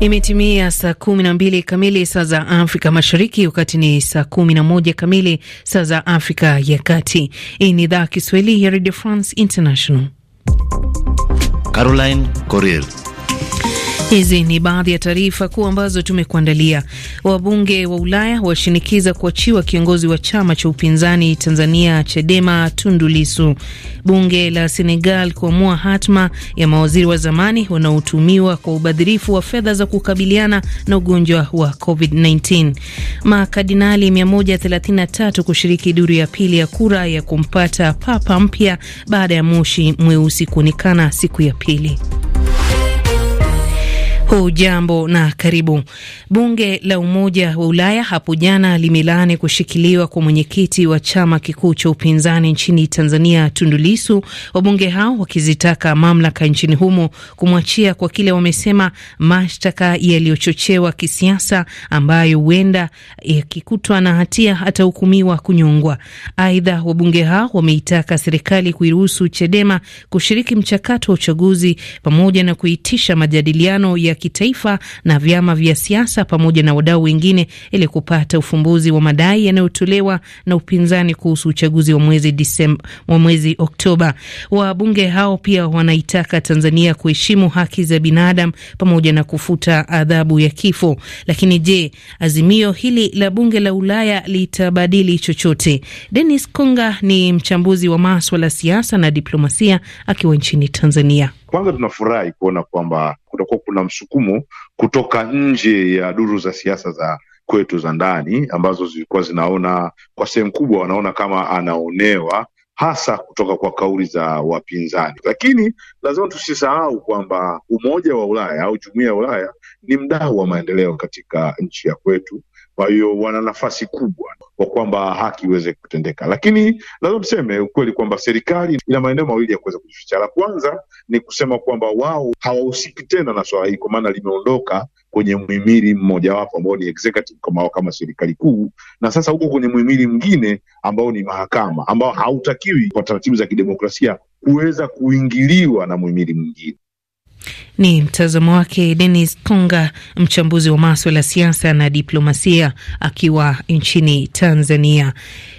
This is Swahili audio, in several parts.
Imetimia saa mbili kamili saa za Afrika Mashariki, wakati ni saa moja kamili saa za Afrika ya Kati. Hii ni idhaa Kiswahili ya Radio France International. Caroline Corrier Hizi ni baadhi ya taarifa kuu ambazo tumekuandalia. Wabunge wa Ulaya washinikiza kuachiwa kiongozi wa chama cha upinzani Tanzania Chadema Tundu Lissu. Bunge la Senegal kuamua hatma ya mawaziri wa zamani wanaotumiwa kwa ubadhirifu wa fedha za kukabiliana na ugonjwa wa COVID-19. makadinali 133 kushiriki duru ya pili ya kura ya kumpata papa mpya baada ya moshi mweusi kuonekana siku ya pili. Hujambo na karibu. Bunge la Umoja wa Ulaya hapo jana limelaani kushikiliwa kwa mwenyekiti wa chama kikuu cha upinzani nchini Tanzania, tundulisu wabunge hao wakizitaka mamlaka nchini humo kumwachia kwa kile wamesema mashtaka yaliyochochewa kisiasa, ambayo huenda yakikutwa na hatia atahukumiwa kunyongwa. Aidha, wabunge hao wameitaka serikali kuiruhusu Chadema kushiriki mchakato wa uchaguzi pamoja na kuitisha majadiliano ya kitaifa na vyama vya siasa pamoja na wadau wengine ili kupata ufumbuzi wa madai yanayotolewa na upinzani kuhusu uchaguzi wa mwezi Disemba, wa mwezi Oktoba. Wabunge hao pia wanaitaka Tanzania kuheshimu haki za binadamu pamoja na kufuta adhabu ya kifo. Lakini je, azimio hili la bunge la Ulaya litabadili chochote? Dennis Konga ni mchambuzi wa maswala siasa na diplomasia akiwa nchini Tanzania. Kwanza tunafurahi kuona kwamba kutakuwa kuna msukumo kutoka nje ya duru za siasa za kwetu za ndani ambazo zilikuwa zinaona kwa sehemu kubwa wanaona kama anaonewa hasa kutoka kwa kauli za wapinzani. Lakini lazima tusisahau kwamba Umoja wa Ulaya au jumuia ya Ulaya ni mdau wa maendeleo katika nchi ya kwetu kwa hiyo wana nafasi kubwa kwa kwamba haki iweze kutendeka, lakini lazima tuseme ukweli kwamba serikali ina maeneo mawili ya kuweza kujificha. La kwanza ni kusema kwamba wao hawahusiki tena na swala hii, kwa maana limeondoka kwenye mhimili mmojawapo ambao ni executive kama, kama serikali kuu, na sasa huko kwenye mhimili mwingine ambao ni mahakama, ambao hautakiwi kwa taratibu za kidemokrasia kuweza kuingiliwa na mwimiri mwingine. Ni mtazamo wake Denis Konga, mchambuzi wa maswala ya siasa na diplomasia, akiwa nchini Tanzania.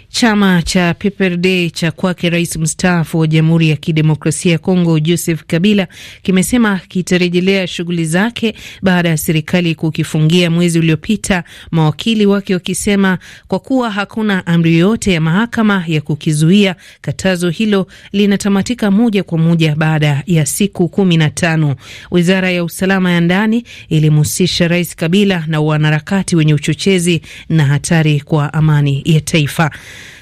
Chama cha PPRD cha kwake rais mstaafu wa Jamhuri ya Kidemokrasia ya Kongo Joseph Kabila kimesema kitarejelea shughuli zake baada ya serikali kukifungia mwezi uliopita, mawakili wake wakisema kwa kuwa hakuna amri yoyote ya mahakama ya kukizuia, katazo hilo linatamatika moja kwa moja baada ya siku kumi na tano. Wizara ya usalama ya ndani ilimhusisha rais Kabila na wanaharakati wenye uchochezi na hatari kwa amani ya taifa.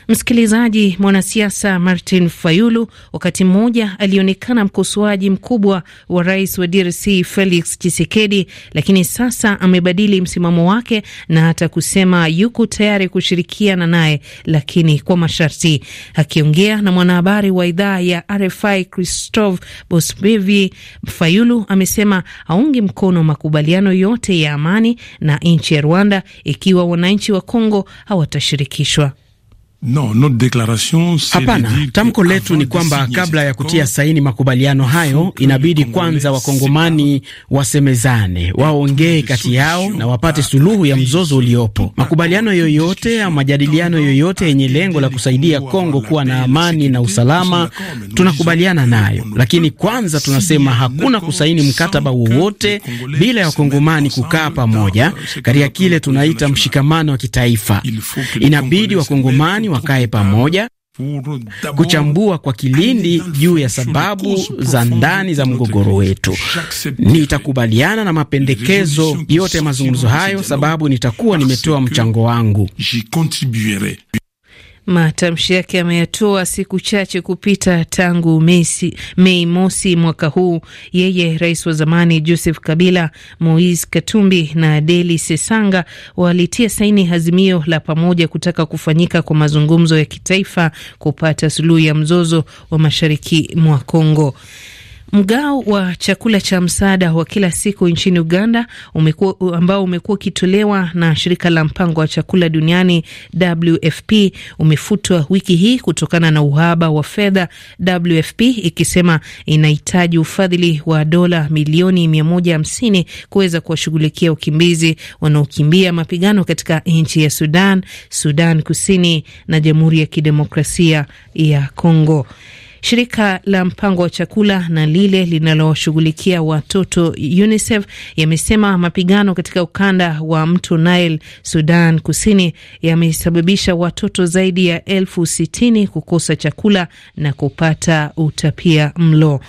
Msikilizaji, mwanasiasa Martin Fayulu wakati mmoja alionekana mkosoaji mkubwa wa rais wa DRC Felix Tshisekedi, lakini sasa amebadili msimamo wake na hata kusema yuko tayari kushirikiana naye, lakini kwa masharti. Akiongea na mwanahabari wa idhaa ya RFI Christophe Bosbevi, Fayulu amesema aungi mkono makubaliano yote ya amani na nchi ya Rwanda ikiwa wananchi wa Kongo hawatashirikishwa. No, declaration. Hapana, tamko letu ni kwamba kabla ya kutia saini makubaliano hayo inabidi kwanza wakongomani wasemezane, waongee kati yao na wapate suluhu ya mzozo uliopo. Makubaliano yoyote au majadiliano yoyote yenye lengo la kusaidia Kongo kuwa na amani na usalama tunakubaliana nayo, lakini kwanza tunasema hakuna kusaini mkataba wowote bila ya wakongomani kukaa pamoja katika kile tunaita mshikamano wa kitaifa. Inabidi wakongomani wakae pamoja kuchambua kwa kilindi juu ya sababu za ndani za mgogoro wetu. Nitakubaliana na mapendekezo yote ya mazungumzo hayo, sababu nitakuwa nimetoa mchango wangu. Matamshi yake ameyatoa siku chache kupita tangu Mei Mei mosi mwaka huu, yeye rais wa zamani Joseph Kabila, Moise Katumbi na Deli Sesanga walitia saini azimio la pamoja kutaka kufanyika kwa mazungumzo ya kitaifa kupata suluhu ya mzozo wa mashariki mwa Kongo. Mgao wa chakula cha msaada wa kila siku nchini Uganda umekuwa, ambao umekuwa ukitolewa na shirika la mpango wa chakula duniani WFP umefutwa wiki hii kutokana na uhaba wa fedha, WFP ikisema inahitaji ufadhili wa dola milioni 150 kuweza kuwashughulikia wakimbizi wanaokimbia mapigano katika nchi ya Sudan, Sudan Kusini na Jamhuri ya Kidemokrasia ya Kongo. Shirika la mpango wa chakula na lile linaloshughulikia watoto UNICEF yamesema mapigano katika ukanda wa mto Nile, Sudan Kusini, yamesababisha watoto zaidi ya elfu sitini kukosa chakula na kupata utapia mlo.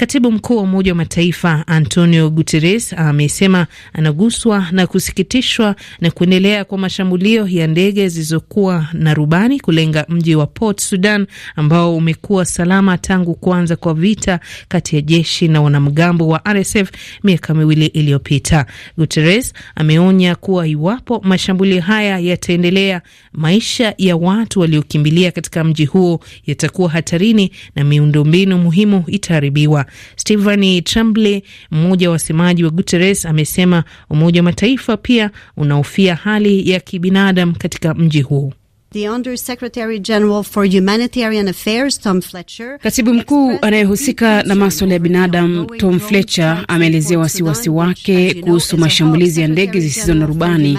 Katibu mkuu wa Umoja wa Mataifa Antonio Guterres amesema anaguswa na kusikitishwa na kuendelea kwa mashambulio ya ndege zilizokuwa na rubani kulenga mji wa Port Sudan ambao umekuwa salama tangu kuanza kwa vita kati ya jeshi na wanamgambo wa RSF miaka miwili iliyopita. Guterres ameonya kuwa iwapo mashambulio haya yataendelea, maisha ya watu waliokimbilia katika mji huo yatakuwa hatarini na miundombinu muhimu itaharibiwa stephen Chambly, mmoja wa wasemaji wa Guterres, amesema Umoja wa Mataifa pia unahofia hali ya kibinadamu katika mji huo katibu mkuu anayehusika na maswala ya binadamu Tom Fletcher ameelezea wasiwasi wake kuhusu mashambulizi ya ndege zisizo na rubani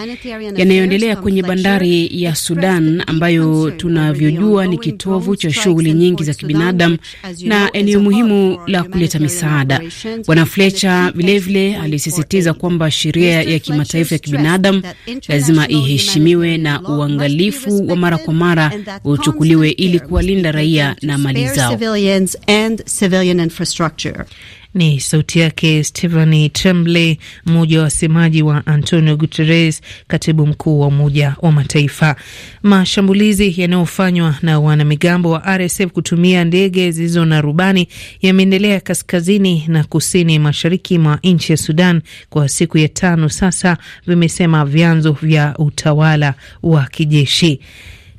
yanayoendelea kwenye bandari ya Sudan ambayo tunavyojua ni kitovu cha shughuli nyingi za kibinadamu na eneo muhimu la kuleta misaada. Bwana Fletcher vilevile alisisitiza kwamba sheria ya kimataifa ya kibinadamu lazima iheshimiwe na uangalifu wa mara kwa mara uchukuliwe ili kuwalinda raia na mali zao. Ni sauti yake Stephanie Tremblay, mmoja wa wasemaji wa Antonio Guterres, katibu mkuu wa Umoja wa Mataifa. Mashambulizi yanayofanywa na wanamigambo wa RSF kutumia ndege zilizo na rubani yameendelea kaskazini na kusini mashariki mwa nchi ya Sudan kwa siku ya tano sasa, vimesema vyanzo vya utawala wa kijeshi.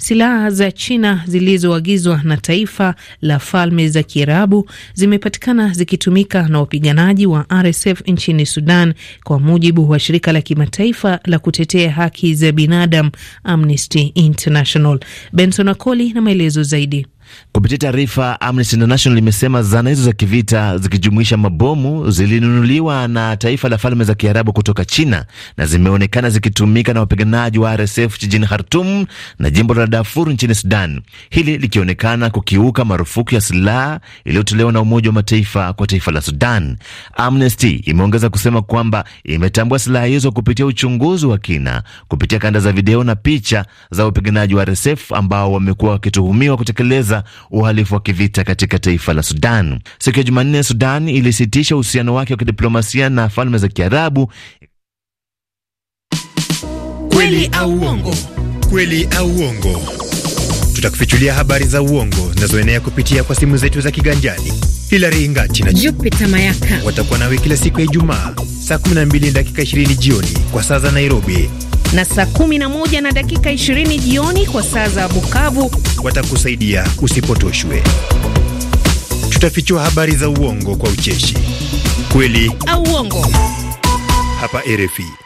Silaha za China zilizoagizwa na taifa la Falme za Kiarabu zimepatikana zikitumika na wapiganaji wa RSF nchini Sudan, kwa mujibu wa shirika la kimataifa la kutetea haki za binadamu Amnesty International. Benson Akoli na maelezo zaidi. Kupitia taarifa, Amnesty International imesema zana hizo za kivita zikijumuisha mabomu zilinunuliwa na taifa la Falme za Kiarabu kutoka China na zimeonekana zikitumika na wapiganaji wa RSF jijini Khartum na jimbo la Darfur nchini Sudan, hili likionekana kukiuka marufuku ya silaha iliyotolewa na Umoja wa Mataifa kwa taifa la Sudan. Amnesty imeongeza kusema kwamba imetambua silaha hizo kupitia uchunguzi wa kina kupitia kanda za video na picha za wapiganaji wa RSF ambao wamekuwa wakituhumiwa kutekeleza uhalifu wa kivita katika taifa la Sudan. Siku ya Jumanne, Sudan ilisitisha uhusiano wake wa kidiplomasia na Falme za Kiarabu. Kweli au uongo? Kweli au uongo? Tutakufichulia habari za uongo zinazoenea kupitia kwa simu zetu za kiganjani. Hilari Ingati na Jupita Mayaka watakuwa nawe kila siku ya Ijumaa saa 12 dakika 20 jioni kwa saa za Nairobi na saa 11 na dakika 20 jioni kwa saa za Bukavu. Watakusaidia usipotoshwe. Tutafichua habari za uongo kwa ucheshi, kweli au uongo, hapa RFI.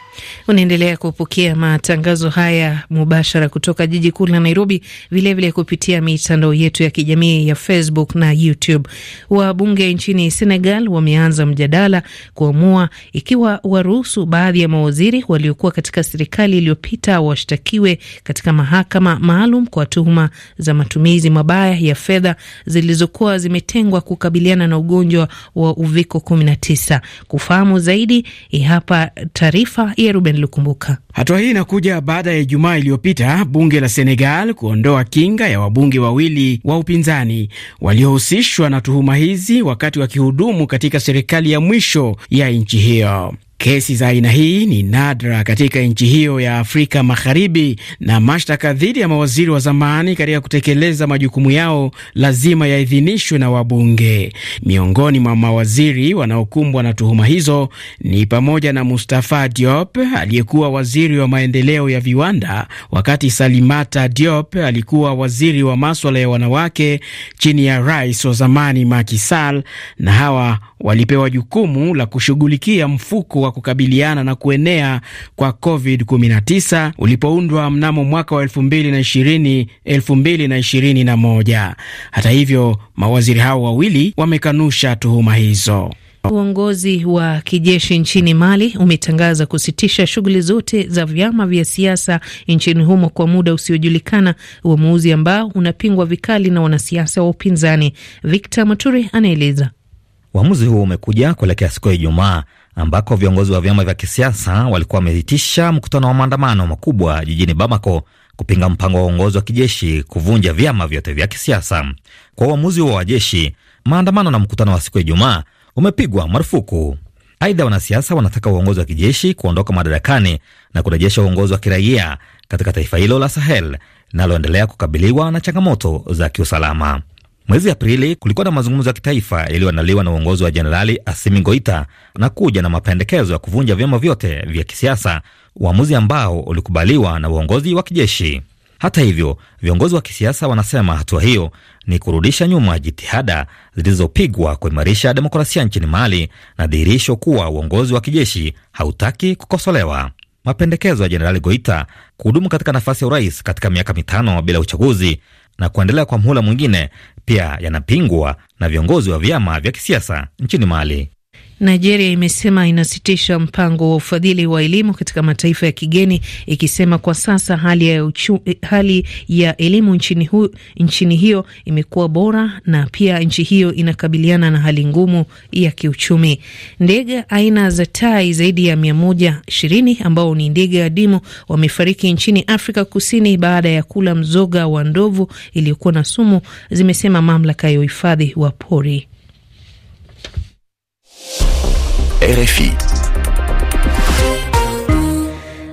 Unaendelea kupokea matangazo haya mubashara kutoka jiji kuu la Nairobi, vilevile kupitia mitandao yetu ya kijamii ya Facebook na YouTube. Wabunge nchini Senegal wameanza mjadala kuamua ikiwa waruhusu baadhi ya mawaziri waliokuwa katika serikali iliyopita washtakiwe katika mahakama maalum kwa tuhuma za matumizi mabaya ya fedha zilizokuwa zimetengwa kukabiliana na ugonjwa wa uviko 19. Kufahamu zaidi, hapa taarifa ya Ruben Ruben Lukumbuka. Hatua hii inakuja baada ya Ijumaa iliyopita bunge la Senegal kuondoa kinga ya wabunge wawili wa upinzani waliohusishwa na tuhuma hizi wakati wakihudumu katika serikali ya mwisho ya nchi hiyo. Kesi za aina hii ni nadra katika nchi hiyo ya Afrika Magharibi, na mashtaka dhidi ya mawaziri wa zamani katika kutekeleza majukumu yao lazima yaidhinishwe na wabunge. Miongoni mwa mawaziri wanaokumbwa na tuhuma hizo ni pamoja na Mustafa Diop aliyekuwa waziri wa maendeleo ya viwanda, wakati Salimata Diop alikuwa waziri wa maswala ya wanawake chini ya rais wa zamani Macky Sall, na hawa walipewa jukumu la kushughulikia mfuko wa kukabiliana na kuenea kwa COVID-19 ulipoundwa mnamo mwaka wa 2020 2021. Hata hivyo, mawaziri hao wawili wamekanusha tuhuma hizo. Uongozi wa kijeshi nchini Mali umetangaza kusitisha shughuli zote za vyama vya siasa nchini humo kwa muda usiojulikana, uamuzi ambao unapingwa vikali na wanasiasa wa upinzani. Victor Maturi anaeleza. Uamuzi huo umekuja kuelekea siku ya Ijumaa ambako viongozi wa vyama vya kisiasa walikuwa wameitisha mkutano wa maandamano makubwa jijini Bamako kupinga mpango wa uongozi wa kijeshi kuvunja vyama vyote vya kisiasa. Kwa uamuzi huo wa jeshi, maandamano na mkutano wa siku ya Ijumaa umepigwa marufuku. Aidha, wanasiasa wanataka uongozi wa kijeshi kuondoka madarakani na kurejesha uongozi wa kiraia katika taifa hilo la Sahel linaloendelea kukabiliwa na changamoto za kiusalama. Mwezi Aprili kulikuwa na mazungumzo ya kitaifa yaliyoandaliwa na uongozi wa Jenerali Asimi Goita na kuja na mapendekezo ya kuvunja vyama vyote vya kisiasa, uamuzi ambao ulikubaliwa na uongozi wa kijeshi. Hata hivyo, viongozi wa kisiasa wanasema hatua hiyo ni kurudisha nyuma jitihada zilizopigwa kuimarisha demokrasia nchini Mali na dhihirisho kuwa uongozi wa kijeshi hautaki kukosolewa. Mapendekezo ya Jenerali Goita kuhudumu katika nafasi ya urais katika miaka mitano bila uchaguzi na kuendelea kwa mhula mwingine pia yanapingwa na viongozi wa vyama vya kisiasa nchini Mali. Nigeria imesema inasitisha mpango wa ufadhili wa elimu katika mataifa ya kigeni ikisema kwa sasa hali ya, uchu, hali ya elimu nchini, hu, nchini hiyo imekuwa bora na pia nchi hiyo inakabiliana na hali ngumu ya kiuchumi. Ndege aina za tai zaidi ya ishirini ambao ni ndege adimu wamefariki nchini Afrika Kusini baada ya kula mzoga wa ndovu iliyokuwa na sumu, zimesema mamlaka ya uhifadhi wa pori. RFI.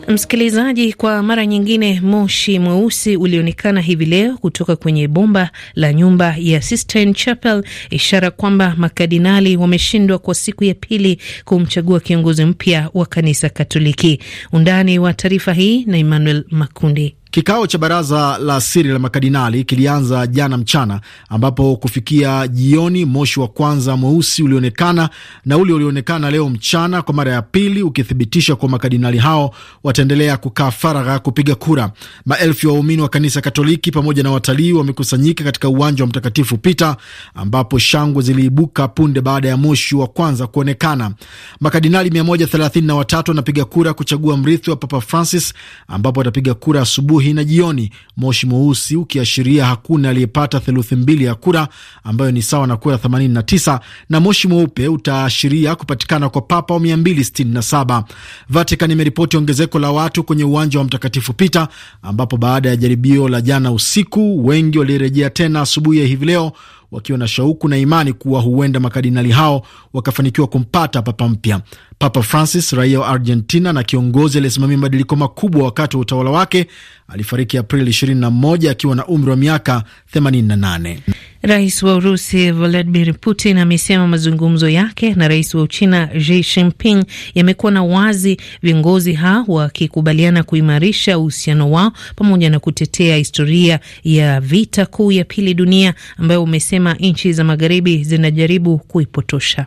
Msikilizaji, kwa mara nyingine moshi mweusi ulionekana hivi leo kutoka kwenye bomba la nyumba ya Sistine Chapel, ishara kwamba makadinali wameshindwa kwa siku ya pili kumchagua kiongozi mpya wa kanisa Katoliki. Undani wa taarifa hii na Emmanuel Makundi. Kikao cha baraza la siri la makardinali kilianza jana mchana, ambapo kufikia jioni moshi wa kwanza mweusi ulionekana na ule ulionekana leo mchana kwa mara ya pili, ukithibitisha kuwa makardinali hao wataendelea kukaa faragha kupiga kura. Maelfu ya waumini wa kanisa Katoliki pamoja na watalii wamekusanyika katika uwanja wa Mtakatifu Pita, ambapo shangwe ziliibuka punde baada ya moshi wa kwanza kuonekana. Makardinali 133 wanapiga kura kuchagua mrithi wa Papa Francis, ambapo watapiga kura asubuhi asubuhi na jioni, moshi mweusi ukiashiria hakuna aliyepata theluthi mbili ya kura ambayo ni sawa na kura 89, na moshi mweupe utaashiria kupatikana kwa papa wa 267. Vatican imeripoti ongezeko la watu kwenye uwanja wa Mtakatifu Pita, ambapo baada ya jaribio la jana usiku wengi walirejea tena asubuhi ya hivi leo wakiwa na shauku na imani kuwa huenda makardinali hao wakafanikiwa kumpata papa mpya. Papa Francis, raia wa Argentina na kiongozi aliyesimamia mabadiliko makubwa wakati wa utawala wake, alifariki Aprili 21 akiwa na umri wa miaka 88. Rais wa Urusi Vladimir Putin amesema mazungumzo yake na rais wa Uchina Xi Jinping yamekuwa na wazi, viongozi hao wakikubaliana kuimarisha uhusiano wao pamoja na kutetea historia ya vita kuu ya pili dunia ambayo umesema nchi za magharibi zinajaribu kuipotosha.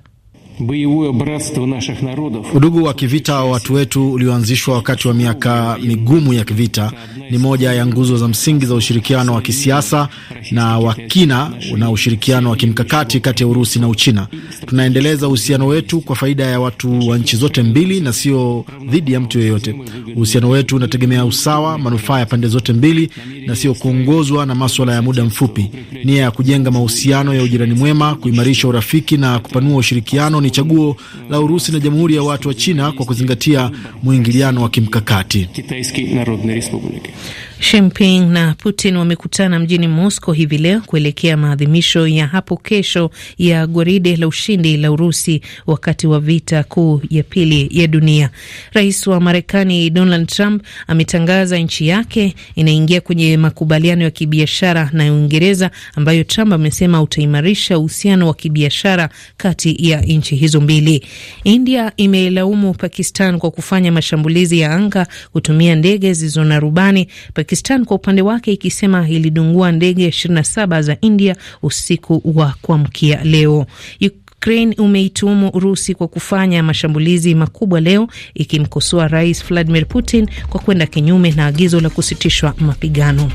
Udugu wa kivita wa watu wetu ulioanzishwa wakati wa miaka migumu ya kivita ni moja ya nguzo za msingi za ushirikiano wa kisiasa na wa kina na ushirikiano wa kimkakati kati ya Urusi na Uchina. Tunaendeleza uhusiano wetu kwa faida ya watu wa nchi zote mbili na sio dhidi ya mtu yeyote. Uhusiano wetu unategemea usawa, manufaa ya pande zote mbili na sio kuongozwa na maswala ya muda mfupi. Nia ya kujenga mahusiano ya ujirani mwema, kuimarisha urafiki na kupanua ushirikiano ni chaguo la Urusi na Jamhuri ya Watu wa China kwa kuzingatia mwingiliano wa kimkakati. Jinping na Putin wamekutana mjini Moscow hivi leo kuelekea maadhimisho ya hapo kesho ya gwaride la ushindi la Urusi wakati wa vita kuu ya pili ya dunia. Rais wa Marekani Donald Trump ametangaza nchi yake inaingia kwenye makubaliano ya kibiashara na Uingereza ambayo Trump amesema utaimarisha uhusiano wa kibiashara kati ya nchi hizo mbili. India imelaumu Pakistan kwa kufanya mashambulizi ya anga kutumia ndege zilizo na rubani. Pakistan kwa upande wake ikisema ilidungua ndege 27 za India usiku wa kuamkia leo. Ukraine umeituhumu Urusi kwa kufanya mashambulizi makubwa leo, ikimkosoa Rais Vladimir Putin kwa kwenda kinyume na agizo la kusitishwa mapigano.